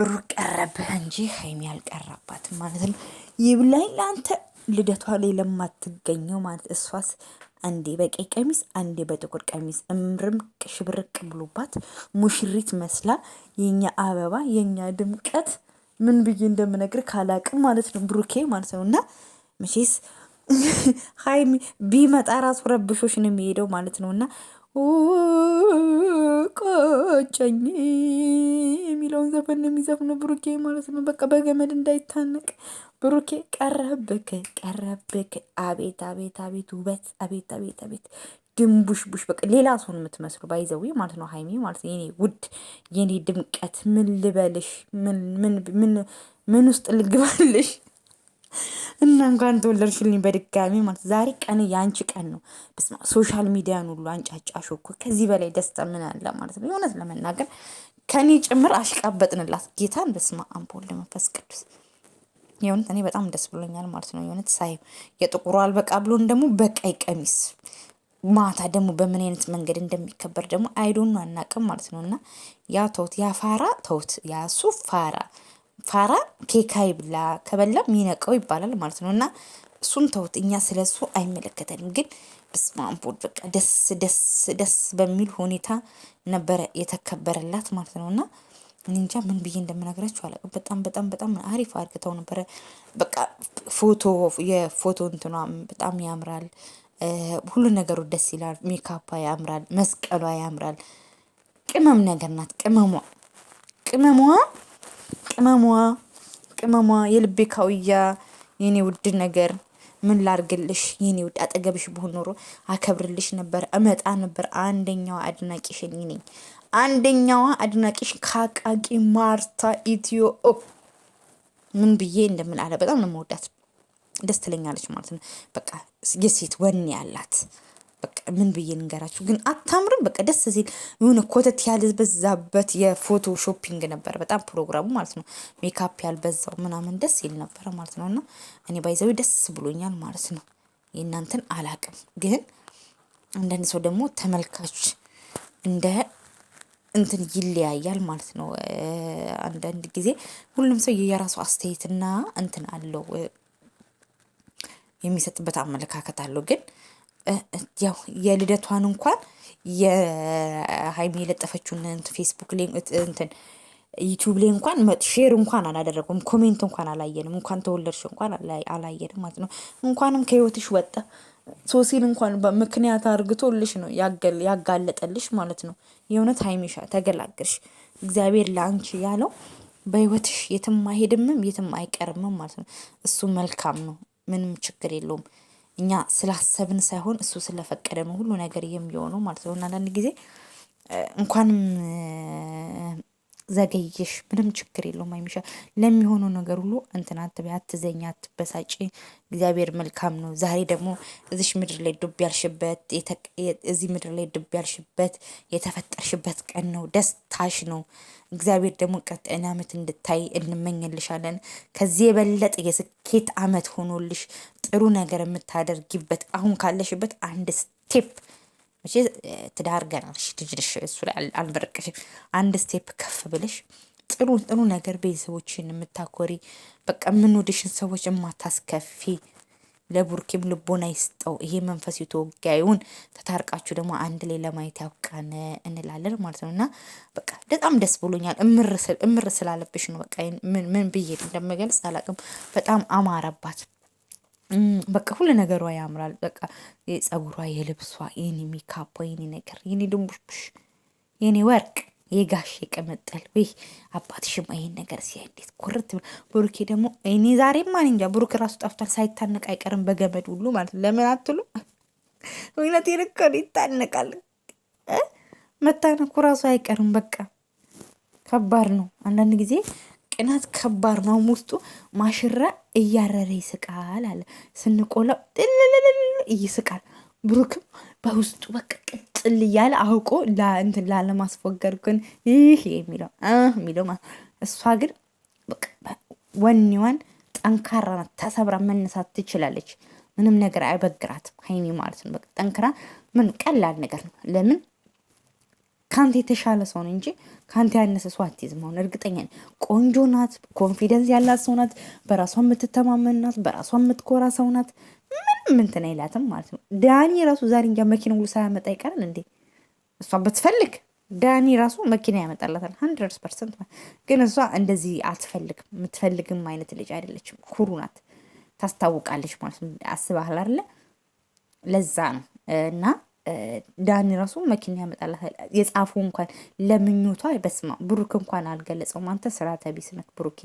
ብሩ ቀረብህ እንጂ ሀይሚ አልቀረባትም ማለት ነው። ይብላኝ ለአንተ ልደቷ ላይ ለማትገኘው ማለት እሷስ አንዴ በቀይ ቀሚስ አንዴ በጥቁር ቀሚስ እምርም ሽብርቅ ብሎባት ሙሽሪት መስላ የኛ አበባ የኛ ድምቀት ምን ብዬ እንደምነግር ካላቅም ማለት ነው ብሩኬ ማለት ነው። እና መቼስ ሀይሚ ቢመጣ ራሱ ረብሾች ነው የሚሄደው ማለት ነው እና ቆጨኝ የሚለውን ዘፈን ነው የሚዘፍነው ብሩኬ ማለት ነው። በቃ በገመድ እንዳይታነቅ ብሩኬ ቀረብክ ቀረብክ። አቤት አቤት አቤት ውበት አቤት አቤት አቤት ቡሽ በቃ ሌላ ሰውን የምትመስሉ ባይዘዊ ማለት ነው። ሀይሚ ማለት ነው የኔ ውድ የኔ ድምቀት ምን ልበልሽ? ምን ምን ምን ውስጥ ልግባልሽ? እና እንኳን ተወለድሽልኝ በድጋሚ ማለት ዛሬ ቀን የአንቺ ቀን ነው። በስመ ሶሻል ሚዲያን ሁሉ አንጫጫሽ እኮ ከዚህ በላይ ደስታ ምን አለ ማለት ነው። የእውነት ለመናገር ከኔ ጭምር አሽቃበጥንላት ጌታን። በስመ አምፖል ለመንፈስ ቅዱስ የእውነት እኔ በጣም ደስ ብሎኛል ማለት ነው። የእውነት ሳይ የጥቁሩ አልበቃ ብሎን ደግሞ በቀይ ቀሚስ ማታ ደግሞ በምን አይነት መንገድ እንደሚከበር ደግሞ አይዶኑ አናቅም ማለት ነው። እና ያ ተውት፣ ያ ፋራ ተውት፣ ያ ፋራ ፋራ ኬካ ይብላ ከበላም ይነቀው ይባላል ማለት ነው። እና እሱን ተውት፣ እኛ ስለ እሱ አይመለከተንም። ግን ብስማንቦድ በቃ ደስ ደስ ደስ በሚል ሁኔታ ነበረ የተከበረላት ማለት ነው። እና እንጃ ምን ብዬ እንደምነግራችሁ አላውቅም። በጣም በጣም በጣም አሪፍ አድርገው ነበረ። በቃ ፎቶ የፎቶ እንትኗ በጣም ያምራል። ሁሉ ነገሩ ደስ ይላል። ሜካፓ ያምራል፣ መስቀሏ ያምራል። ቅመም ነገር ናት። ቅመሟ ቅመሟ ቅመሟ ቅመሟ የልቤ ካውያ የኔ ውድ ነገር ምን ላርግልሽ የኔ ውድ፣ አጠገብሽ ብሆን ኖሮ አከብርልሽ ነበር፣ እመጣ ነበር። አንደኛዋ አድናቂሽ እኔ ነኝ። አንደኛዋ አድናቂሽ ካቃቂ ማርታ ኢትዮ ምን ብዬ እንደምን አለ። በጣም ነው መወዳት፣ ደስ ትለኛለች ማለት ነው። በቃ የሴት ወኔ ያላት በቃ ምን ብዬ ልንገራችሁ ግን አታምርም። በቃ ደስ ሲል የሆነ ኮተት ያልበዛበት የፎቶ ሾፒንግ ነበር በጣም ፕሮግራሙ ማለት ነው። ሜካፕ ያልበዛው ምናምን ደስ ይል ነበረ ማለት ነው። እና እኔ ባይዘዊ ደስ ብሎኛል ማለት ነው። የእናንተን አላቅም፣ ግን አንዳንድ ሰው ደግሞ ተመልካች እንደ እንትን ይለያያል ማለት ነው። አንዳንድ ጊዜ ሁሉም ሰው የራሱ አስተያየትና እንትን አለው የሚሰጥበት አመለካከት አለው ግን ያው የልደቷን እንኳን የሀይሚ የለጠፈችውን ፌስቡክ ላይ እንትን ላይ እንኳን ሼር እንኳን አላደረጉም። ኮሜንት እንኳን አላየንም። እንኳን ተወለድሽ እንኳን አላየንም ማለት ነው። እንኳንም ከህይወትሽ ወጣ ሶሲን እንኳን ምክንያት አርግቶልሽ ነው ያጋለጠልሽ ማለት ነው። የእውነት ሀይሚሻ ተገላገልሽ። እግዚአብሔር ለአንቺ ያለው በህይወትሽ የትም አይሄድምም የትም አይቀርምም ማለት ነው። እሱ መልካም ነው። ምንም ችግር የለውም። እኛ ስላሰብን ሳይሆን እሱ ስለፈቀደ ነው ሁሉ ነገር የሚሆነው ማለት ነው። እና አንዳንድ ጊዜ እንኳንም ዘገየሽ፣ ምንም ችግር የለውም አይሚሻ። ለሚሆነው ነገር ሁሉ እንትን አትበይ፣ አትዘኝ፣ አትበሳጭ። እግዚአብሔር መልካም ነው። ዛሬ ደግሞ እዚሽ ምድር ላይ ዱብ ያልሽበት እዚህ ምድር ላይ ዱብ ያልሽበት የተፈጠርሽበት ቀን ነው፣ ደስታሽ ነው። እግዚአብሔር ደግሞ ቀጣይን ዓመት እንድታይ እንመኝልሻለን። ከዚህ የበለጠ የስኬት ዓመት ሆኖልሽ ጥሩ ነገር የምታደርጊበት አሁን ካለሽበት አንድ ስቴፕ ትዳር ገና ነሽ፣ ልጅ ነሽ። እሱ ላይ አልበረቀሽም። አንድ ስቴፕ ከፍ ብለሽ ጥሩ ጥሩ ነገር ቤተሰቦችን የምታኮሪ በቃ የምንወድሽን ሰዎች የማታስከፊ ለቡርኪም ልቦና ይስጠው። ይሄ መንፈስ የተወጋዩን ተታርቃችሁ ደግሞ አንድ ላይ ለማየት ያብቃን እንላለን ማለት ነው። እና በቃ በጣም ደስ ብሎኛል። እምር ስላለብሽ ነው። በቃ ምን ብዬ እንደምገልጽ አላቅም። በጣም አማረባት። በቃ ሁሉ ነገሯ ያምራል። በቃ የጸጉሯ፣ የልብሷ፣ የኔ ሜካፖ፣ የኔ ነገር፣ የኔ ድንቡሽ፣ የኔ ወርቅ፣ የጋሽ የቀመጠል ወይ አባትሽማ ይሄን ነገር ሲያ እንዴት ኩርት። ብሩኬ ደግሞ እኔ ዛሬ ማን እንጃ ብሩክ ራሱ ጠፍቷል። ሳይታነቅ አይቀርም በገመድ ሁሉ ማለት ነው። ለምን አትሉ? ምክንያት የልከሉ ይታነቃል። መታነኩ ራሱ አይቀርም። በቃ ከባድ ነው አንዳንድ ጊዜ ቅናት ከባድ ነው። ውስጡ ማሽራ እያረረ ይስቃል አለ ስንቆላው ጥልልልል ይስቃል። ብሩክም በውስጡ በቃ ቅጥል እያለ አውቆ እንትን ላለማስፎገር ግን ይህ የሚለው የሚለው ማለት እሷ ግን ወኒዋን ጠንካራ ናት። ተሰብራ መነሳት ትችላለች። ምንም ነገር አይበግራትም። ሀይሚ ማለት ነው በቃ ጠንክራ ምን ቀላል ነገር ነው ለምን ከአንተ የተሻለ ሰው ነው እንጂ ከአንተ ያነሰ ሰው አትይዝም። አሁን እርግጠኛ ቆንጆ ናት፣ ኮንፊደንስ ያላት ሰው ናት፣ በራሷ የምትተማመን ናት፣ በራሷ የምትኮራ ሰው ናት። ምንም እንትን አይላትም ማለት ነው። ዳኒ ራሱ ዛሬ እንጃ መኪና ሁሉ ሳያመጣ ይቀራል እንዴ? እሷ ብትፈልግ ዳኒ ራሱ መኪና ያመጣላታል ሀንድረድ ፐርሰንት። ግን እሷ እንደዚህ አትፈልግም፣ የምትፈልግም አይነት ልጅ አይደለችም። ኩሩ ናት፣ ታስታውቃለች ማለት ነው። አስባህል ለዛ ነው እና ዳኒ ራሱ መኪና ያመጣላታል። የጻፉ እንኳን ለምኞቷ በስማ ብሩክ እንኳን አልገለጸውም። አንተ ስራ ተቢስነት ብሩኬ።